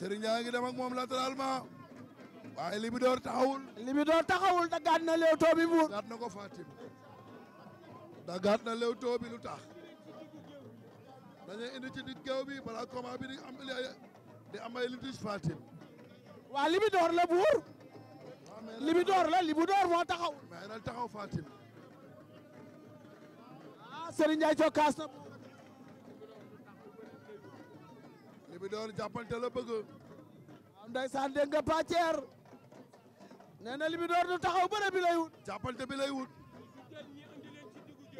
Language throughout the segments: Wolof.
Serigne Ndiaye ngi dem ak moom latéralement waaye Libidor taxawul. Libidor taxawul dagaat na léew too buur. dagaat na ko Fatim dagaat na léew too lu tax dañuy indi ci digg géew bi balaa combat bi di am di am ay litige Fatim. waa Libidor la buur. Libidor la Libidor moo taxaw. mais nag taxaw Fatim. ah Serigne Ndiaye cokkaas na. bi door jàppante la bëgg. waaw ndeysaan dégg nga pàcceer. nee na li bi door du taxaw bëre bi lay wut. jàppante bi lay wut.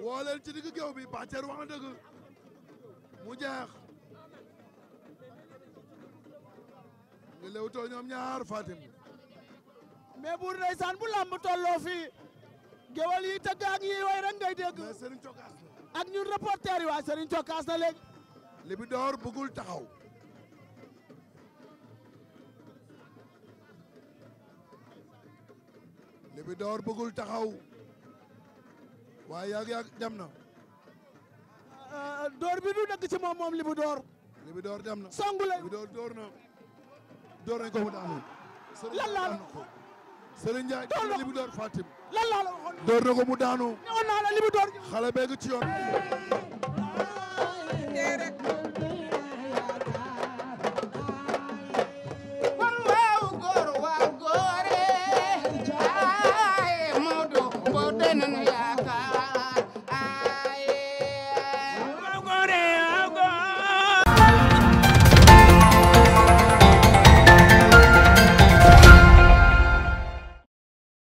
woo leen ci digg géew bi pàcceer wax na dëgg. mu jeex. ngi lewtoo ñoom ñaar Fatim. mais buur ndeysaan bu làmb tolloo fii. géwal yi tëgg ak yi way rek ngay dégg. mais Serigne Cokaas ak ñun reporter yi waa Serigne Cokaas na léegi. Libidor bëggul taxaw. Libidor bëggul taxaw waaye yàgg-yàgg dem na. Ah, door bi du dëgg ci moom moom Libidor. Libidor dem na songu la Libidor door na. door nañ ko mu daanu. lan laa la Serigne Ndiaye door na Libidor Fatim. lan laa la door na ko mu daanu. ñëwoon naa la Libidor. xale beeg ci yoon.